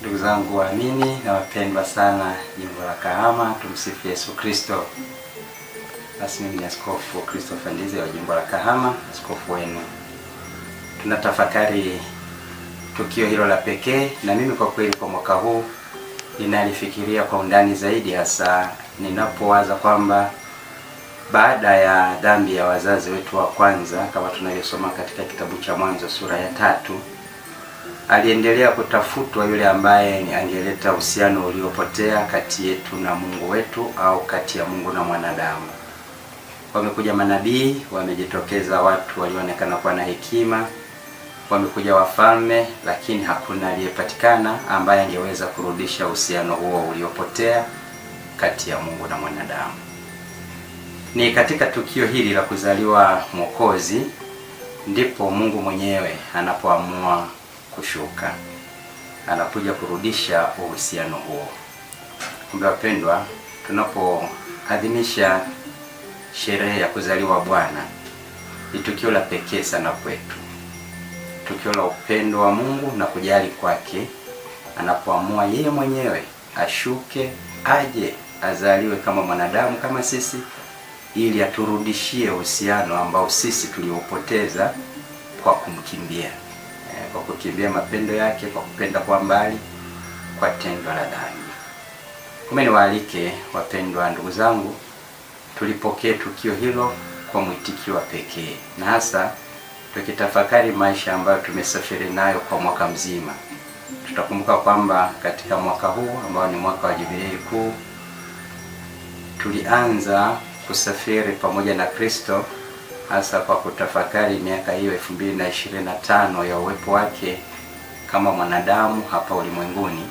Ndugu zangu waamini na wapendwa sana jimbo la Kahama, tumsifu Yesu Kristo. Basi mimi ni Askofu Christopher Ndize wa jimbo la Kahama, askofu wenu. Tunatafakari tukio hilo la pekee, na mimi kwa kweli kwa mwaka huu ninalifikiria kwa undani zaidi, hasa ninapowaza kwamba baada ya dhambi ya wazazi wetu wa kwanza, kama tunavyosoma katika kitabu cha Mwanzo sura ya tatu aliendelea kutafutwa yule ambaye angeleta uhusiano uliopotea kati yetu na Mungu wetu au kati ya Mungu na mwanadamu. Wamekuja manabii, wamejitokeza watu walioonekana kuwa na hekima, wamekuja wafalme, lakini hakuna aliyepatikana ambaye angeweza kurudisha uhusiano huo uliopotea kati ya Mungu na mwanadamu. Ni katika tukio hili la kuzaliwa Mwokozi ndipo Mungu mwenyewe anapoamua kushuka, anakuja kurudisha uhusiano huo. Kumbe wapendwa, tunapoadhimisha sherehe ya kuzaliwa Bwana ni tukio la pekee sana kwetu, tukio la upendo wa Mungu na kujali kwake, anapoamua yeye mwenyewe ashuke, aje azaliwe kama mwanadamu kama sisi, ili aturudishie uhusiano ambao sisi tuliopoteza kwa kumkimbia eh, kwa kukimbia mapendo yake, kwa kupenda kwa mbali, kwa tendo la dhambi. Kumbe niwaalike wapendwa ndugu zangu, tulipokee tukio hilo kwa mwitikio wa pekee, na hasa tukitafakari maisha ambayo tumesafiri nayo kwa mwaka mzima. Tutakumbuka kwamba katika mwaka huu ambao ni mwaka wa Jubilei kuu tulianza kusafiri pamoja na Kristo hasa kwa kutafakari miaka hiyo elfu mbili na ishirini na tano ya uwepo wake kama mwanadamu hapa ulimwenguni,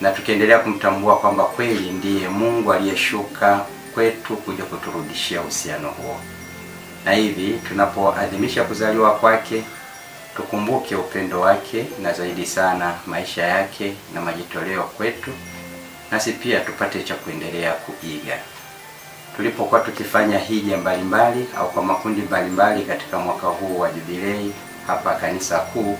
na tukiendelea kumtambua kwamba kweli ndiye Mungu aliyeshuka kwetu kuja kuturudishia uhusiano huo. Na hivi tunapoadhimisha kuzaliwa kwake, tukumbuke upendo wake na zaidi sana maisha yake na majitoleo kwetu, nasi pia tupate cha kuendelea kuiga tulipokuwa tukifanya hija mbalimbali au kwa makundi mbalimbali katika mwaka huu wa jubilei hapa kanisa kuu,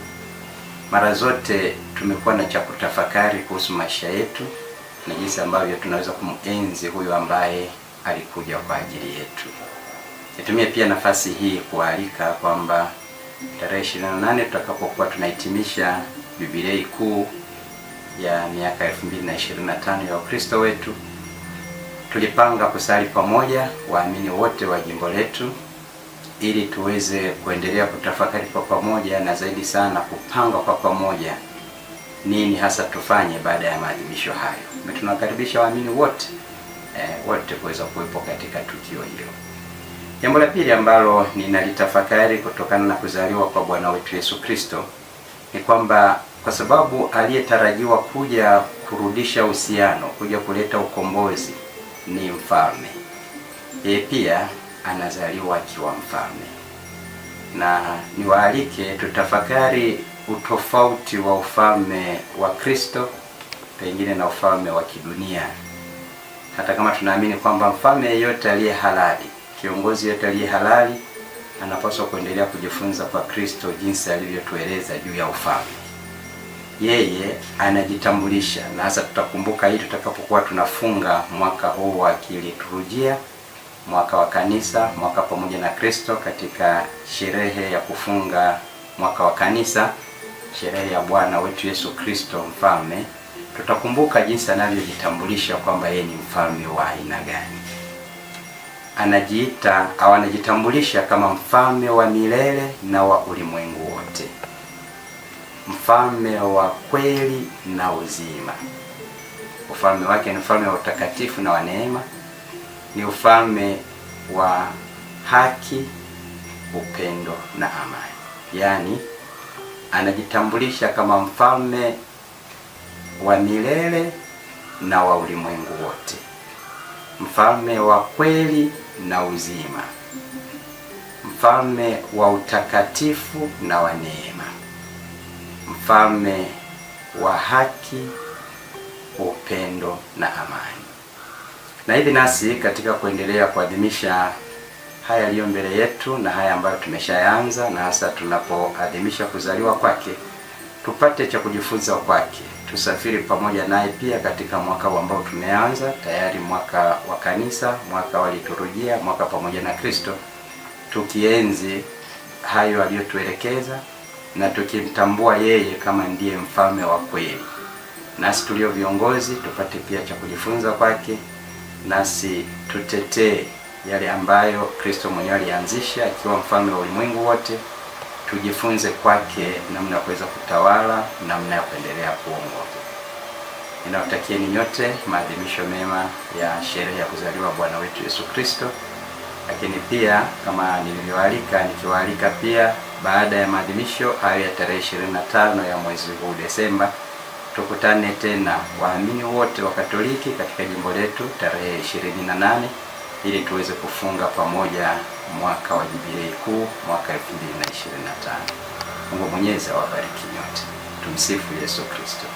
mara zote tumekuwa na cha kutafakari kuhusu maisha yetu na jinsi ambavyo tunaweza kumenzi huyu ambaye alikuja kwa ajili yetu. Nitumie pia nafasi hii kualika kwamba tarehe 28 tutakapokuwa tunahitimisha jubilei kuu ya miaka 2025 ya Ukristo wetu Tulipanga kusali pamoja waamini wote wa jimbo letu ili tuweze kuendelea kutafakari kwa pamoja na zaidi sana kupanga kwa pamoja nini hasa tufanye baada ya maadhimisho hayo. Tunawakaribisha waamini wote eh, wote kuweza kuwepo katika tukio hilo. Jambo la pili ambalo ninalitafakari kutokana na kuzaliwa kwa Bwana wetu Yesu Kristo ni kwamba kwa sababu aliyetarajiwa kuja kurudisha uhusiano, kuja kuleta ukombozi ni mfalme, yeye pia anazaliwa akiwa mfalme. Na niwaalike tutafakari utofauti wa ufalme wa Kristo pengine na ufalme wa kidunia. Hata kama tunaamini kwamba mfalme yeyote aliye halali, kiongozi yeyote aliye halali, anapaswa kuendelea kujifunza kwa Kristo jinsi alivyotueleza juu ya ufalme yeye anajitambulisha, na hasa tutakumbuka hii tutakapokuwa tunafunga mwaka huu wa kiliturujia, mwaka wa kanisa, mwaka pamoja na Kristo, katika sherehe ya kufunga mwaka wa kanisa, sherehe ya Bwana wetu Yesu Kristo mfalme. Tutakumbuka jinsi anavyojitambulisha kwamba yeye ni mfalme wa aina gani. Anajiita au anajitambulisha kama mfalme wa milele na wa ulimwengu wote mfalme wa kweli na uzima. Ufalme wake ni ufalme wa utakatifu na wa neema, ni ufalme wa haki, upendo na amani. Yaani anajitambulisha kama mfalme wa milele na wa ulimwengu wote, mfalme wa kweli na uzima, mfalme wa utakatifu na wa neema mfalme wa haki, upendo na amani. Na hivi nasi katika kuendelea kuadhimisha haya yaliyo mbele yetu na haya ambayo tumeshaanza, na hasa tunapoadhimisha kuzaliwa kwake, tupate cha kujifunza kwake, tusafiri pamoja naye pia katika mwaka ambao tumeanza tayari, mwaka wa kanisa, mwaka wa liturujia, mwaka pamoja na Kristo, tukienzi hayo aliyotuelekeza na tukimtambua yeye kama ndiye mfalme wa kweli, nasi tulio viongozi tupate pia cha kujifunza kwake, nasi tutetee yale ambayo Kristo mwenyewe alianzisha akiwa mfalme wa ulimwengu wote. Tujifunze kwake namna ya kuweza kutawala, namna ya kuendelea kuongoza. Ninawatakieni nyote maadhimisho mema ya sherehe ya kuzaliwa Bwana wetu Yesu Kristo, lakini pia kama nilivyoalika, nikiwaalika pia baada ya maadhimisho hayo ya tarehe 25 ya mwezi huu Desemba, tukutane tena waamini wote wa Katoliki katika jimbo letu tarehe 28 ili tuweze kufunga pamoja mwaka wa Jubilei kuu mwaka 2025. Mungu Mwenyezi awabariki nyote. Tumsifu Yesu Kristo.